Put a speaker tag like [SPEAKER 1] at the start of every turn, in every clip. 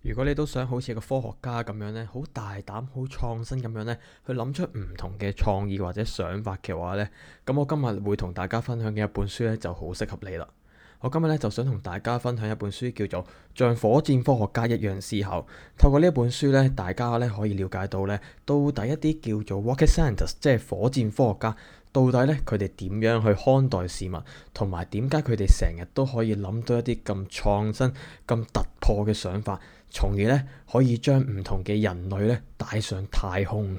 [SPEAKER 1] 如果你都想好似個科學家咁樣呢，好大膽、好創新咁樣呢，去諗出唔同嘅創意或者想法嘅話呢，咁我今日會同大家分享嘅一本書呢，就好適合你啦。我今日呢，就想同大家分享一本書，叫做《像火箭科學家一樣思考》。透過呢本書呢，大家呢可以了解到呢，到底一啲叫做 Rocket Scientist，即係火箭科學家。到底咧佢哋點樣去看待事物，同埋點解佢哋成日都可以諗到一啲咁創新、咁突破嘅想法，從而咧可以將唔同嘅人類咧帶上太空。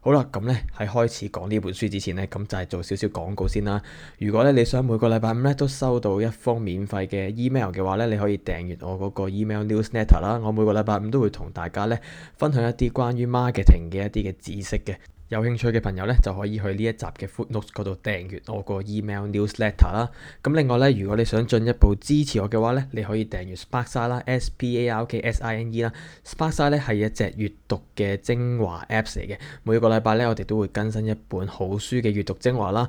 [SPEAKER 1] 好啦，咁咧喺開始講呢本書之前咧，咁就係做少少廣告先啦。如果咧你想每個禮拜五咧都收到一封免費嘅 email 嘅話咧，你可以訂閱我嗰個 email newsletter 啦。我每個禮拜五都會同大家咧分享一啲關於 marketing 嘅一啲嘅知識嘅。有興趣嘅朋友咧，就可以去呢一集嘅 footnotes 嗰度訂閱我個 email newsletter 啦。咁另外咧，如果你想進一步支持我嘅話咧，你可以訂閱 Sparksine 啦 （S P A R K S I N E） 啦。Sparksine 咧係一隻閱讀嘅精華 Apps 嚟嘅。每個禮拜咧，我哋都會更新一本好書嘅閱讀精華啦。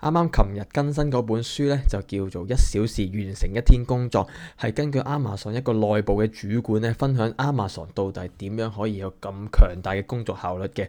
[SPEAKER 1] 啱啱琴日更新嗰本書咧，就叫做《一小時完成一天工作》，係根據 Amazon 一個內部嘅主管咧分享 Amazon 到底點樣可以有咁強大嘅工作效率嘅。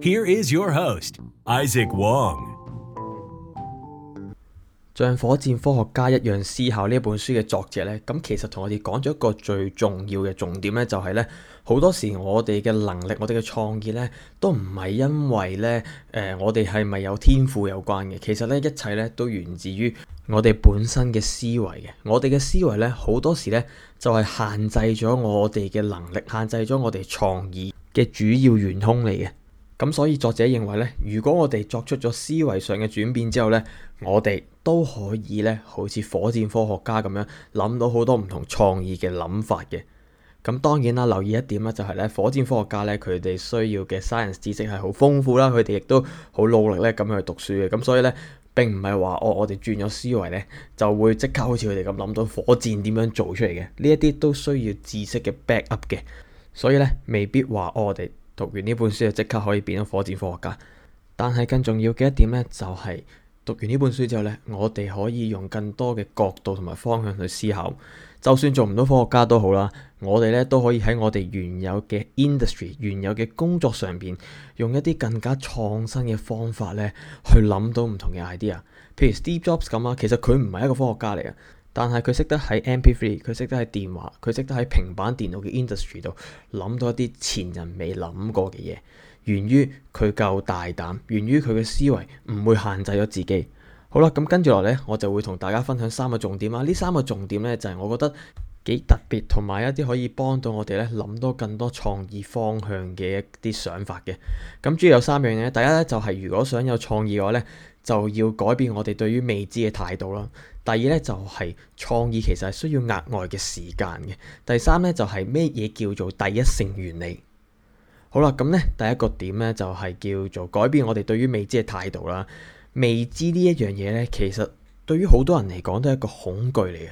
[SPEAKER 1] Here is your host, Isaac Wong。《像火箭科學家一樣思考》呢本書嘅作者呢，咁其實同我哋講咗一個最重要嘅重點呢、就是，就係呢：好多時我哋嘅能力、我哋嘅創意呢，都唔係因為呢，誒、呃、我哋係咪有天賦有關嘅，其實呢，一切呢都源自於我哋本身嘅思維嘅。我哋嘅思維呢，好多時呢，就係限制咗我哋嘅能力，限制咗我哋創意嘅主要元凶嚟嘅。咁所以作者認為咧，如果我哋作出咗思維上嘅轉變之後咧，我哋都可以咧，好似火箭科學家咁樣諗到好多唔同創意嘅諗法嘅。咁當然啦，留意一點咧，就係咧，火箭科學家咧，佢哋需要嘅 science 知識係好豐富啦，佢哋亦都好努力咧咁去讀書嘅。咁所以咧，並唔係話、哦、我哋轉咗思維咧，就會即刻好似佢哋咁諗到火箭點樣做出嚟嘅。呢一啲都需要知識嘅 back up 嘅，所以咧，未必話、哦、我哋。讀完呢本書就即刻可以變咗火箭科學家，但係更重要嘅一點咧就係讀完呢本書之後咧，我哋可以用更多嘅角度同埋方向去思考，就算做唔到科學家都好啦，我哋咧都可以喺我哋原有嘅 industry 原有嘅工作上邊用一啲更加創新嘅方法咧去諗到唔同嘅 idea，譬如 Steve Jobs 咁啊，其實佢唔係一個科學家嚟啊。但係佢識得喺 MP3，佢識得喺電話，佢識得喺平板電腦嘅 industry 度諗到一啲前人未諗過嘅嘢，源於佢夠大膽，源於佢嘅思維唔會限制咗自己。好啦，咁跟住落嚟，我就會同大家分享三個重點啦。呢三個重點呢，就係我覺得幾特別，同埋一啲可以幫到我哋呢諗到更多創意方向嘅一啲想法嘅。咁主要有三樣嘢，大家呢，就係如果想有創意嘅話呢，就要改變我哋對於未知嘅態度啦。第二咧，就係創意其實係需要額外嘅時間嘅。第三咧，就係咩嘢叫做第一性原理好。好啦，咁咧第一個點咧，就係叫做改變我哋對於未知嘅態度啦。未知呢一樣嘢咧，其實對於好多人嚟講都係一個恐懼嚟嘅。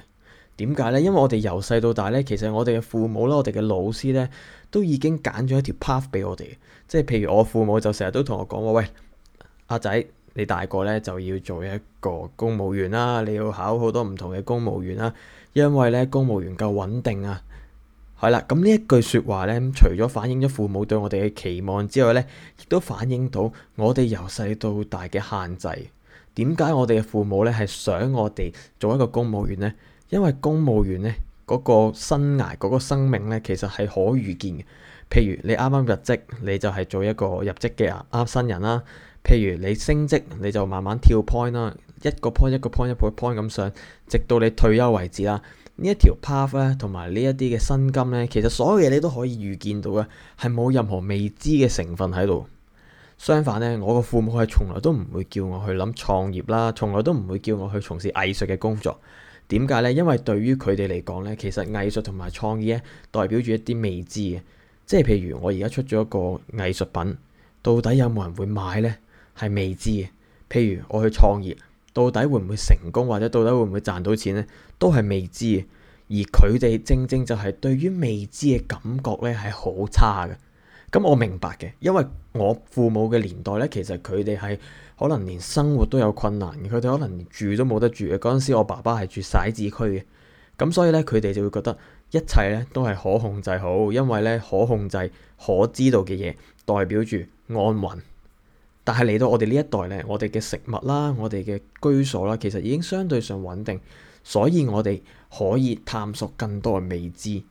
[SPEAKER 1] 點解咧？因為我哋由細到大咧，其實我哋嘅父母啦，我哋嘅老師咧，都已經揀咗一條 path 俾我哋。即係譬如我父母就成日都同我講話喂，阿仔。你大個咧就要做一個公務員啦，你要考好多唔同嘅公務員啦，因為咧公務員夠穩定啊。係啦，咁呢一句說話咧，除咗反映咗父母對我哋嘅期望之外咧，亦都反映到我哋由細到大嘅限制。點解我哋嘅父母咧係想我哋做一個公務員咧？因為公務員咧嗰個生涯、嗰個生命咧，其實係可預見嘅。譬如你啱啱入職，你就係做一個入職嘅啱新人啦。譬如你升職，你就慢慢跳 point 啦，一個 point 一個 point 一個 point 咁上，直到你退休為止啦。呢一條 path 咧，同埋呢一啲嘅薪金咧，其實所有嘢你都可以預見到嘅，係冇任何未知嘅成分喺度。相反咧，我嘅父母係從來都唔會叫我去諗創業啦，從來都唔會叫我去從事藝術嘅工作。點解咧？因為對於佢哋嚟講咧，其實藝術同埋創意咧，代表住一啲未知嘅。即係譬如我而家出咗一個藝術品，到底有冇人會買咧？係未知嘅，譬如我去創業，到底會唔會成功，或者到底會唔會賺到錢咧，都係未知嘅。而佢哋正正就係對於未知嘅感覺咧，係好差嘅。咁我明白嘅，因為我父母嘅年代呢，其實佢哋係可能連生活都有困難嘅，佢哋可能住都冇得住嘅。嗰陣時我爸爸係住徙置區嘅，咁所以呢，佢哋就會覺得一切呢都係可控制好，因為呢，可控制可知道嘅嘢代表住安穩。但係嚟到我哋呢一代咧，我哋嘅食物啦，我哋嘅居所啦，其實已經相對上穩定，所以我哋可以探索更多嘅未知。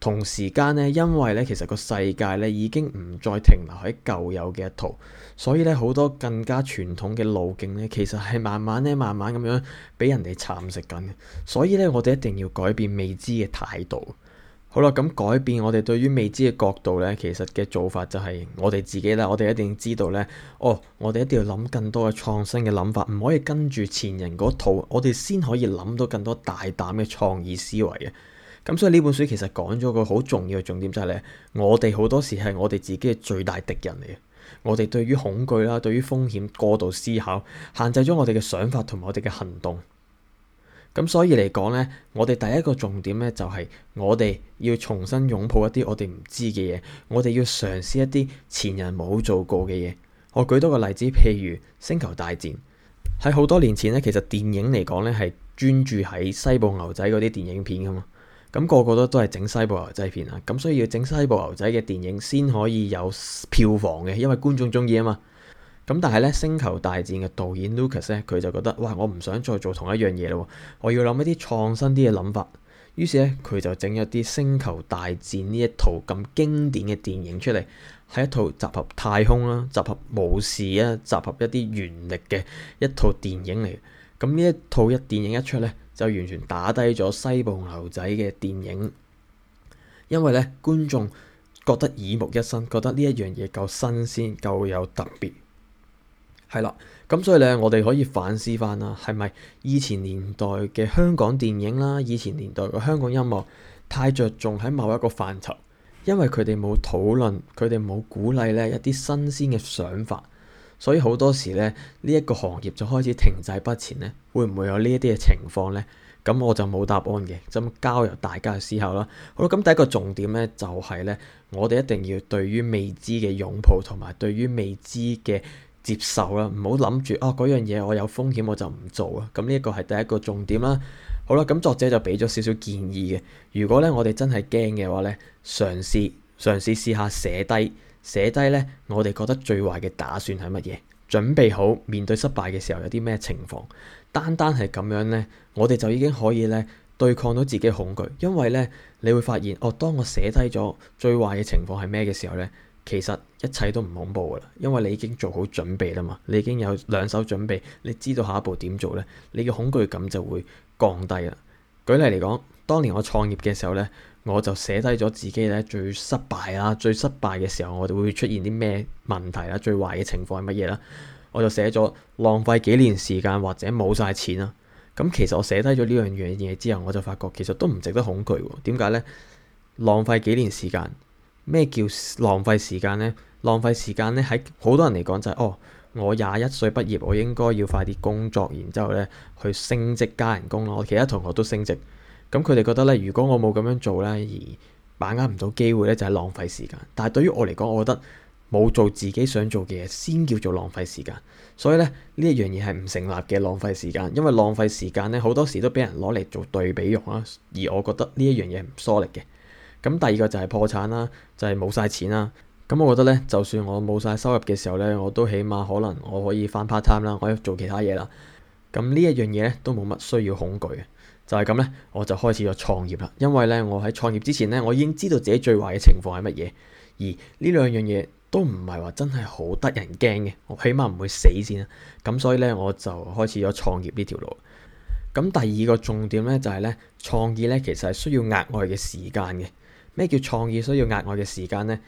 [SPEAKER 1] 同時間咧，因為咧，其實個世界咧已經唔再停留喺舊有嘅一套，所以咧，好多更加傳統嘅路徑咧，其實係慢慢咧，慢慢咁樣俾人哋蠶食緊嘅。所以咧，我哋一定要改變未知嘅態度。好啦，咁改變我哋對於未知嘅角度咧，其實嘅做法就係我哋自己啦。我哋一定要知道咧，哦，我哋一定要諗更多嘅創新嘅諗法，唔可以跟住前人嗰套，我哋先可以諗到更多大膽嘅創意思維嘅。咁所以呢本書其實講咗個好重要嘅重點，就係咧，我哋好多時係我哋自己嘅最大敵人嚟嘅。我哋對於恐懼啦，對於風險過度思考，限制咗我哋嘅想法同埋我哋嘅行動。咁所以嚟講呢，我哋第一個重點呢，就係我哋要重新擁抱一啲我哋唔知嘅嘢，我哋要嘗試一啲前人冇做過嘅嘢。我舉多個例子，譬如《星球大戰》，喺好多年前呢，其實電影嚟講呢，係專注喺西部牛仔嗰啲電影片㗎嘛，咁個個都都係整西部牛仔片啊，咁所以要整西部牛仔嘅電影先可以有票房嘅，因為觀眾鍾意吖嘛。咁但係咧，《星球大戰》嘅導演 Lucas 咧，佢就覺得哇，我唔想再做同一樣嘢咯，我要諗一啲創新啲嘅諗法。於是咧，佢就整咗啲《星球大戰》呢一套咁經典嘅電影出嚟，係一套集合太空啦、啊、集合武士啊、集合一啲原力嘅一套電影嚟。咁呢一套一電影一出咧，就完全打低咗《西部牛仔》嘅電影，因為咧觀眾覺得耳目一新，覺得呢一樣嘢夠新鮮、夠有特別。係啦，咁所以咧，我哋可以反思翻啦，係咪以前年代嘅香港電影啦，以前年代嘅香港音樂太着重喺某一個範疇，因為佢哋冇討論，佢哋冇鼓勵咧一啲新鮮嘅想法，所以好多時咧呢一個行業就開始停滯不前咧。會唔會有呢一啲嘅情況咧？咁我就冇答案嘅，咁交由大家去思考啦。好啦，咁第一個重點咧就係咧，我哋一定要對於未知嘅擁抱，同埋對於未知嘅。接受啦，唔好諗住哦，嗰樣嘢我有風險我就唔做啊！咁呢一個係第一個重點啦。好啦，咁作者就俾咗少少建議嘅。如果咧我哋真係驚嘅話咧，嘗試嘗試試下寫低寫低咧，我哋覺得最壞嘅打算係乜嘢？準備好面對失敗嘅時候有啲咩情況？單單係咁樣咧，我哋就已經可以咧對抗到自己嘅恐懼，因為咧你會發現哦，當我寫低咗最壞嘅情況係咩嘅時候咧？其實一切都唔恐怖噶啦，因為你已經做好準備啦嘛，你已經有兩手準備，你知道下一步點做呢？你嘅恐懼感就會降低啦。舉例嚟講，當年我創業嘅時候呢，我就寫低咗自己呢最失敗啦、最失敗嘅時候，我就會出現啲咩問題啦、最壞嘅情況係乜嘢啦，我就寫咗浪費幾年時間或者冇晒錢啦。咁其實我寫低咗呢樣樣嘢之後，我就發覺其實都唔值得恐懼喎。點解呢？浪費幾年時間。咩叫浪費時間呢？浪費時間咧喺好多人嚟講就係哦，我廿一歲畢業，我應該要快啲工作，然之後咧去升職加人工咯。我其他同學都升職，咁佢哋覺得咧，如果我冇咁樣做咧，而把握唔到機會咧，就係浪費時間。但係對於我嚟講，我覺得冇做自己想做嘅嘢先叫做浪費時間。所以咧呢一樣嘢係唔成立嘅浪費時間，因為浪費時間咧好多時都俾人攞嚟做對比用啦。而我覺得呢一樣嘢唔疏離嘅。咁第二個就係破產啦，就係冇晒錢啦。咁我覺得咧，就算我冇晒收入嘅時候咧，我都起碼可能我可以翻 part time 啦，我可以做其他嘢啦。咁呢一樣嘢咧都冇乜需要恐懼嘅，就係咁咧，我就開始咗創業啦。因為咧，我喺創業之前咧，我已經知道自己最壞嘅情況係乜嘢，而呢兩樣嘢都唔係話真係好得人驚嘅。我起碼唔會死先啦。咁所以咧，我就開始咗創業呢條路。咁第二個重點咧就係咧，創業咧其實係需要額外嘅時間嘅。咩叫創意需要額外嘅時間呢？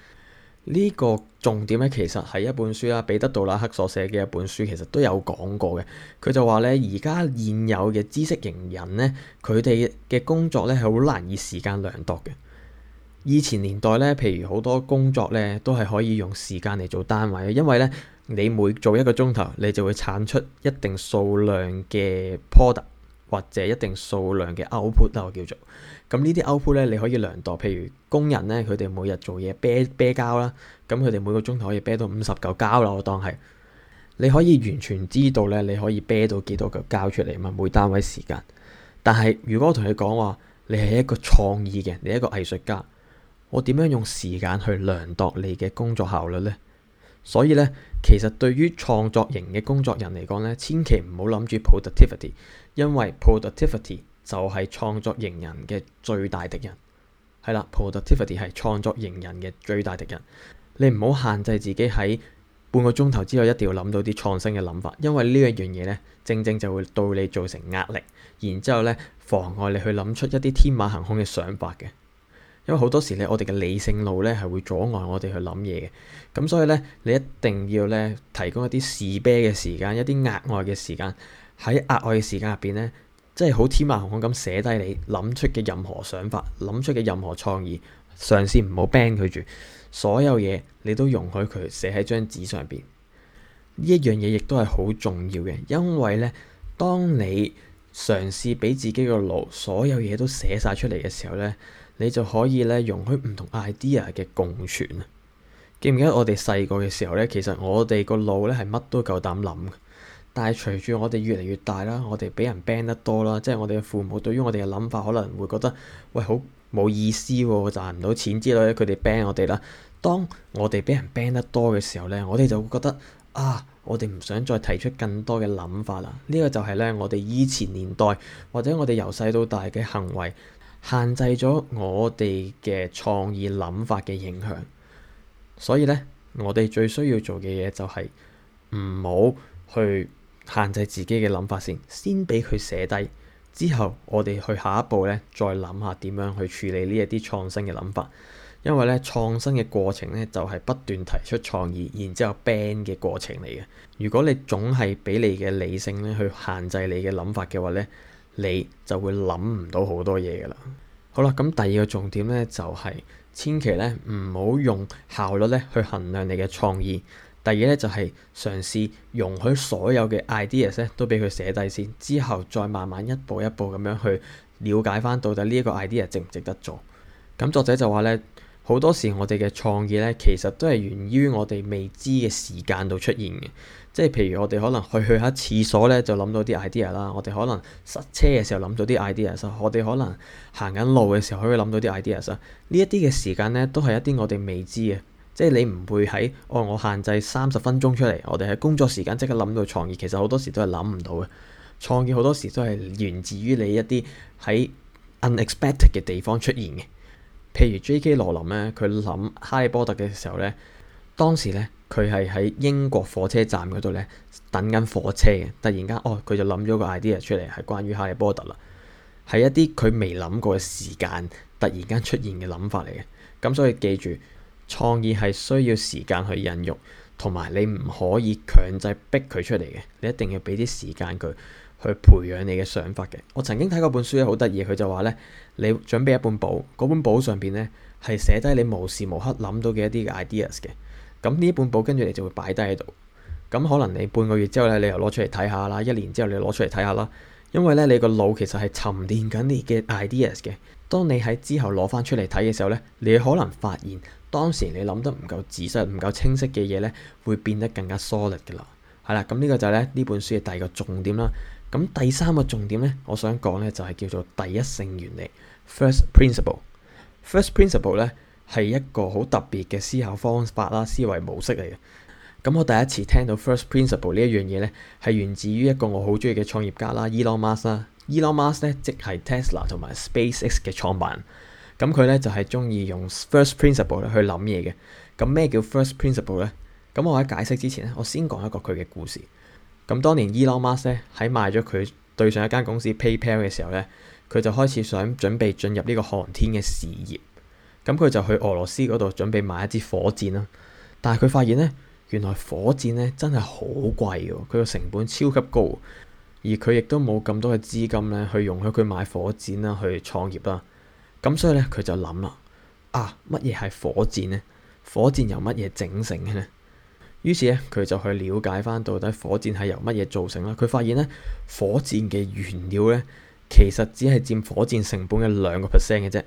[SPEAKER 1] 呢個重點咧，其實係一本書啦，彼得杜拉克所寫嘅一本書，其實都有講過嘅。佢就話咧，而家現有嘅知識型人咧，佢哋嘅工作咧係好難以時間量度嘅。以前年代咧，譬如好多工作咧，都係可以用時間嚟做單位嘅，因為咧，你每做一個鐘頭，你就會產出一定數量嘅 product。或者一定數量嘅 output 我叫做咁呢啲 output 咧，out 你可以量度，譬如工人咧，佢哋每日做嘢啤啤膠啦，咁佢哋每個鐘頭可以啤到五十嚿膠啦，我當係你可以完全知道咧，你可以啤到幾多嚿膠出嚟嘛？每單位時間，但係如果我同你講話，你係一個創意嘅，你係一個藝術家，我點樣用時間去量度你嘅工作效率咧？所以咧，其實對於創作型嘅工作人嚟講咧，千祈唔好諗住 productivity，因為 productivity 就係創作型人嘅最大敵人。係啦，productivity 係創作型人嘅最大敵人。你唔好限制自己喺半個鐘頭之後一定要諗到啲創新嘅諗法，因為呢一樣嘢咧，正正就會對你造成壓力，然之後咧，妨礙你去諗出一啲天馬行空嘅想法嘅。因為好多時咧，我哋嘅理性腦咧係會阻礙我哋去諗嘢嘅，咁所以咧，你一定要咧提供一啲試啤嘅時間，一啲額外嘅時間。喺額外嘅時間入邊咧，即係好天馬行空咁寫低你諗出嘅任何想法，諗出嘅任何創意，嘗試唔好 ban 佢住，所有嘢你都容許佢寫喺張紙上邊。呢一樣嘢亦都係好重要嘅，因為咧，當你嘗試俾自己個腦所有嘢都寫晒出嚟嘅時候咧。你就可以咧容許唔同 idea 嘅共存啊！記唔記得我哋細個嘅時候咧，其實我哋個腦咧係乜都夠膽諗。但係隨住我哋越嚟越大啦，我哋俾人 ban 得多啦，即係我哋嘅父母對於我哋嘅諗法可能會覺得喂，好冇意思喎，賺唔到錢之類咧，佢哋 ban 我哋啦。當我哋俾人 ban 得多嘅時候咧，我哋就會覺得啊，我哋唔想再提出更多嘅諗法啦。呢個就係咧我哋以前年代或者我哋由細到大嘅行為。限制咗我哋嘅創意諗法嘅影響，所以呢，我哋最需要做嘅嘢就係唔好去限制自己嘅諗法先，先俾佢寫低，之後我哋去下一步呢，再諗下點樣去處理呢一啲創新嘅諗法。因為呢，創新嘅過程呢，就係不斷提出創意，然之後 ban 嘅過程嚟嘅。如果你總係俾你嘅理性呢去限制你嘅諗法嘅話呢，你就會諗唔到好多嘢㗎啦。好啦，咁第二個重點呢，就係千祈呢唔好用效率呢去衡量你嘅創意。第二呢，就係嘗試容許所有嘅 ideas 呢都俾佢寫低先，之後再慢慢一步一步咁樣去了解翻到底呢一個 idea 值唔值得做。咁作者就話呢，好多時我哋嘅創意呢，其實都係源於我哋未知嘅時間度出現嘅。即係譬如我哋可能去去下廁所咧，就諗到啲 idea 啦。我哋可能塞車嘅時候諗到啲 idea，我哋可能行緊路嘅時候可以諗到啲 idea。呢一啲嘅時間咧，都係一啲我哋未知嘅。即係你唔會喺、哦、我限制三十分鐘出嚟，我哋喺工作時間即刻諗到創意。其實好多時都係諗唔到嘅，創意好多時都係源自於你一啲喺 unexpected 嘅地方出現嘅。譬如 J.K. 羅琳咧，佢諗哈利波特嘅時候咧，當時咧。佢係喺英國火車站嗰度呢，等緊火車嘅，突然間哦，佢就諗咗個 idea 出嚟，係關於哈利波特啦。係一啲佢未諗過嘅時間，突然間出現嘅諗法嚟嘅。咁所以記住，創意係需要時間去孕育，同埋你唔可以強制逼佢出嚟嘅。你一定要俾啲時間佢去，去培養你嘅想法嘅。我曾經睇過本書咧，好得意，佢就話呢，你準備一本簿，嗰本簿上邊呢，係寫低你無時無刻諗到嘅一啲嘅 ideas 嘅。咁呢一本簿跟住你就會擺低喺度，咁可能你半個月之後咧，你又攞出嚟睇下啦；一年之後你攞出嚟睇下啦，因為咧你個腦其實係沉澱緊你嘅 ideas 嘅。當你喺之後攞翻出嚟睇嘅時候咧，你可能發現當時你諗得唔夠仔細、唔夠清晰嘅嘢咧，會變得更加 solid 噶啦。係啦，咁呢個就係咧呢本書嘅第二個重點啦。咁第三個重點咧，我想講咧就係、是、叫做第一性原理 （First Principle）。First Principle 咧 Princi。係一個好特別嘅思考方法啦、思維模式嚟嘅。咁我第一次聽到 first principle 呢一樣嘢呢，係源自於一個我好中意嘅創業家啦，Elon Musk 啦。Elon Musk 呢，即係 Tesla 同埋 SpaceX 嘅創辦人。咁佢呢，就係中意用 first principle 去諗嘢嘅。咁咩叫 first principle 呢？咁我喺解釋之前呢，我先講一個佢嘅故事。咁當年 Elon Musk 呢，喺賣咗佢對上一間公司 PayPal 嘅時候呢，佢就開始想準備進入呢個航天嘅事業。咁佢就去俄羅斯嗰度準備買一支火箭啦，但係佢發現咧，原來火箭咧真係好貴嘅，佢個成本超級高，而佢亦都冇咁多嘅資金咧去容許佢買火箭啦，去創業啦。咁所以咧，佢就諗啦，啊，乜嘢係火箭咧？火箭由乜嘢整成嘅咧？於是咧，佢就去了解翻到底火箭係由乜嘢做成啦。佢發現咧，火箭嘅原料咧，其實只係佔火箭成本嘅兩個 percent 嘅啫。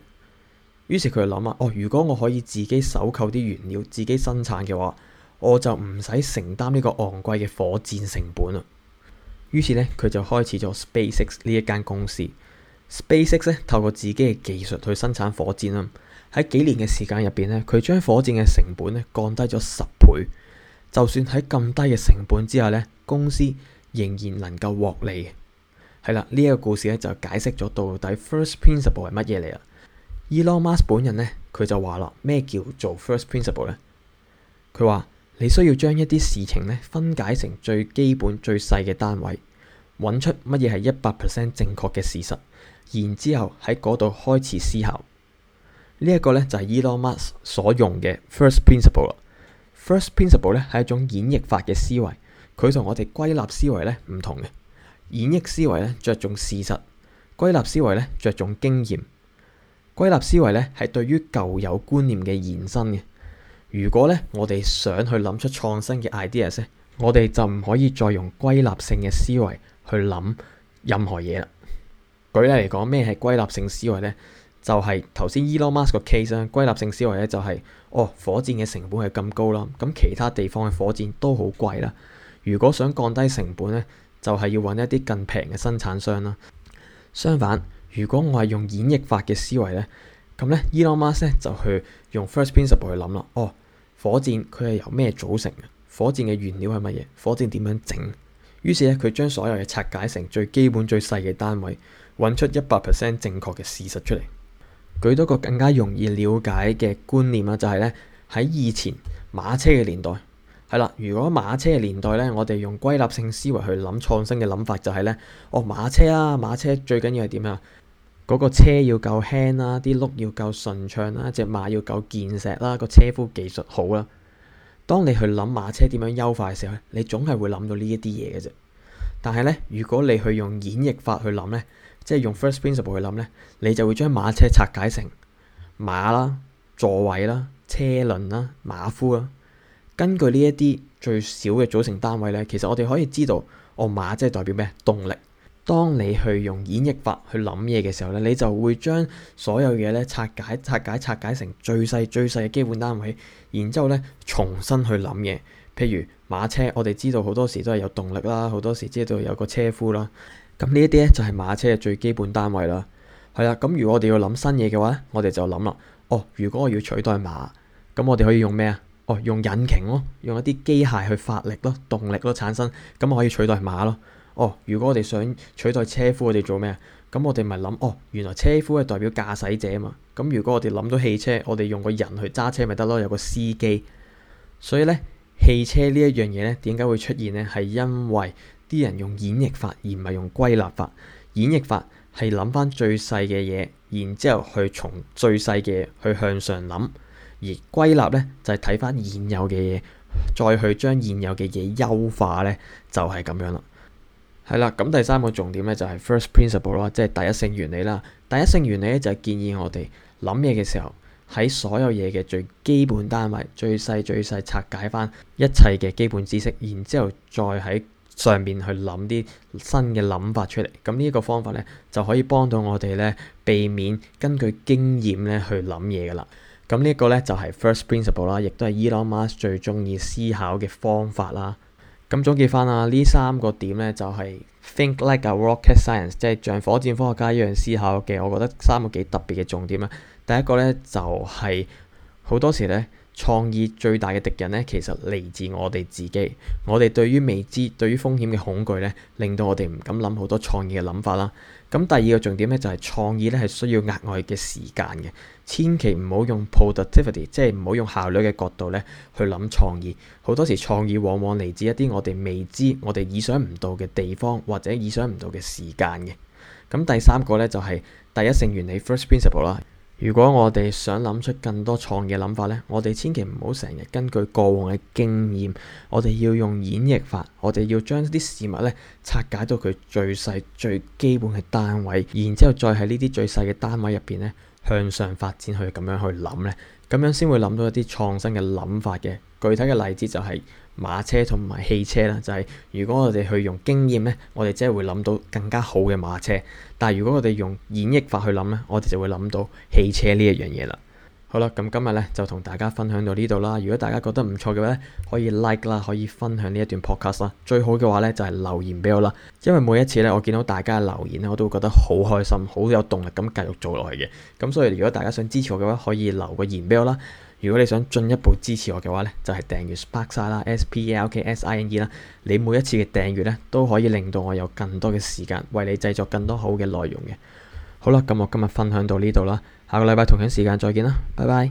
[SPEAKER 1] 於是佢就諗啊，哦，如果我可以自己手購啲原料，自己生產嘅話，我就唔使承擔呢個昂貴嘅火箭成本啊。於是咧，佢就開始咗 SpaceX 呢一間公司。SpaceX 咧，透過自己嘅技術去生產火箭啊。喺幾年嘅時間入邊咧，佢將火箭嘅成本咧降低咗十倍。就算喺咁低嘅成本之下咧，公司仍然能夠獲利。係啦，呢一個故事咧就解釋咗到底 First Principle 係乜嘢嚟啦。Elon Musk 本人咧，佢就話啦：咩叫做 first principle 咧？佢話你需要將一啲事情咧分解成最基本、最細嘅單位，揾出乜嘢係一百 percent 正確嘅事實，然之後喺嗰度開始思考。這個、呢一個咧就係、Elon Musk 所用嘅 first principle 啦。first principle 咧係一種演繹法嘅思維，佢同我哋歸納思維咧唔同嘅。演繹思維咧着重事實，歸納思維咧着重經驗。歸納思維咧係對於舊有觀念嘅延伸嘅。如果咧我哋想去諗出創新嘅 ideas，我哋就唔可以再用歸納性嘅思維去諗任何嘢啦。舉例嚟講，咩係歸納性思維咧？就係、是、頭先 Elon Musk 個 case 啊。歸納性思維咧就係、是、哦，火箭嘅成本係咁高啦，咁其他地方嘅火箭都好貴啦。如果想降低成本咧，就係、是、要搵一啲更平嘅生產商啦。相反。如果我係用演繹法嘅思維呢，咁呢，Elon Musk 呢就去用 First Principle 去諗啦。哦，火箭佢係由咩組成？火箭嘅原料係乜嘢？火箭點樣整？於是呢，佢將所有嘢拆解成最基本最細嘅單位，揾出一百 percent 正確嘅事實出嚟。舉多個更加容易了解嘅觀念啊，就係呢：「喺以前馬車嘅年代，係啦。如果馬車嘅年代呢，我哋用歸納性思維去諗創新嘅諗法就係呢：哦「哦馬車啦，啊，馬車最緊要係點啊？嗰個車要夠輕啦，啲碌要夠順暢啦，隻馬要夠健碩啦，個車夫技術好啦。當你去諗馬車點樣優化嘅時候咧，你總係會諗到呢一啲嘢嘅啫。但係咧，如果你去用演繹法去諗咧，即係用 First Principle 去諗咧，你就會將馬車拆解成馬啦、座位啦、車輪啦、馬夫啦。根據呢一啲最少嘅組成單位咧，其實我哋可以知道，哦馬即係代表咩？動力。當你去用演繹法去諗嘢嘅時候咧，你就會將所有嘢咧拆解、拆解、拆解成最細最細嘅基本單位，然之後咧重新去諗嘢。譬如馬車，我哋知道好多時都係有動力啦，好多時知道有個車夫啦。咁呢一啲咧就係馬車嘅最基本單位啦。係啦，咁如果我哋要諗新嘢嘅話咧，我哋就諗啦。哦，如果我要取代馬，咁我哋可以用咩啊？哦，用引擎咯，用一啲機械去發力咯、動力咯產生，咁我可以取代馬咯。哦，如果我哋想取代車夫，我哋做咩？咁我哋咪諗哦，原來車夫係代表駕駛者啊嘛。咁如果我哋諗到汽車，我哋用個人去揸車咪得咯，有個司機。所以呢，汽車呢一樣嘢呢，點解會出現呢？係因為啲人用演繹法而唔係用歸納法。演繹法係諗翻最細嘅嘢，然之後去從最細嘅去向上諗，而歸納呢，就係睇翻現有嘅嘢，再去將現有嘅嘢優化呢，就係咁樣啦。係啦，咁第三個重點咧就係、是、first principle 啦，即係第一性原理啦。第一性原理咧就係建議我哋諗嘢嘅時候，喺所有嘢嘅最基本單位，最細最細拆解翻一切嘅基本知識，然之後再喺上面去諗啲新嘅諗法出嚟。咁呢一個方法咧就可以幫到我哋咧避免根據經驗咧去諗嘢噶啦。咁呢一個咧就係、是、first principle 啦，亦都係 Elon Musk 最中意思考嘅方法啦。咁總結翻啦，呢三個點咧就係 think like a rocket science，即係像火箭科學家一樣思考嘅。我覺得三個幾個特別嘅重點啊。第一個咧就係好多時咧創意最大嘅敵人咧，其實嚟自我哋自己。我哋對於未知、對於風險嘅恐懼咧，令到我哋唔敢諗好多創意嘅諗法啦。咁第二個重點咧就係創意咧係需要額外嘅時間嘅，千祈唔好用 productivity，即係唔好用效率嘅角度咧去諗創意。好多時創意往往嚟自一啲我哋未知、我哋意想唔到嘅地方或者意想唔到嘅時間嘅。咁第三個咧就係第一性原理 first principle 啦。如果我哋想諗出更多創意嘅諗法呢，我哋千祈唔好成日根據過往嘅經驗，我哋要用演繹法，我哋要將啲事物呢拆解到佢最細最基本嘅單位，然之後再喺呢啲最細嘅單位入邊呢向上發展去，咁樣去諗呢，咁樣先會諗到一啲創新嘅諗法嘅。具體嘅例子就係、是。馬車同埋汽車啦，就係如果我哋去用經驗呢，我哋即係會諗到更加好嘅馬車。但係如果我哋用演繹法去諗呢，我哋就會諗到汽車呢一樣嘢啦。好啦，咁今日呢，就同大家分享到呢度啦。如果大家覺得唔錯嘅話，可以 like 啦，可以分享呢一段 podcast 啦。最好嘅話呢，就係留言俾我啦，因為每一次呢，我見到大家嘅留言呢，我都會覺得好開心，好有動力咁繼續做落去嘅。咁所以如果大家想支持我嘅話，可以留個言俾我啦。如果你想進一步支持我嘅話呢，就係訂閱 Sparksine 啦 （S P A R K S I N E） 啦。你每一次嘅訂閱呢，都可以令到我有更多嘅時間為你製作更多好嘅內容嘅。好啦，咁我今日分享到呢度啦，下個禮拜同樣時間再見啦，拜拜。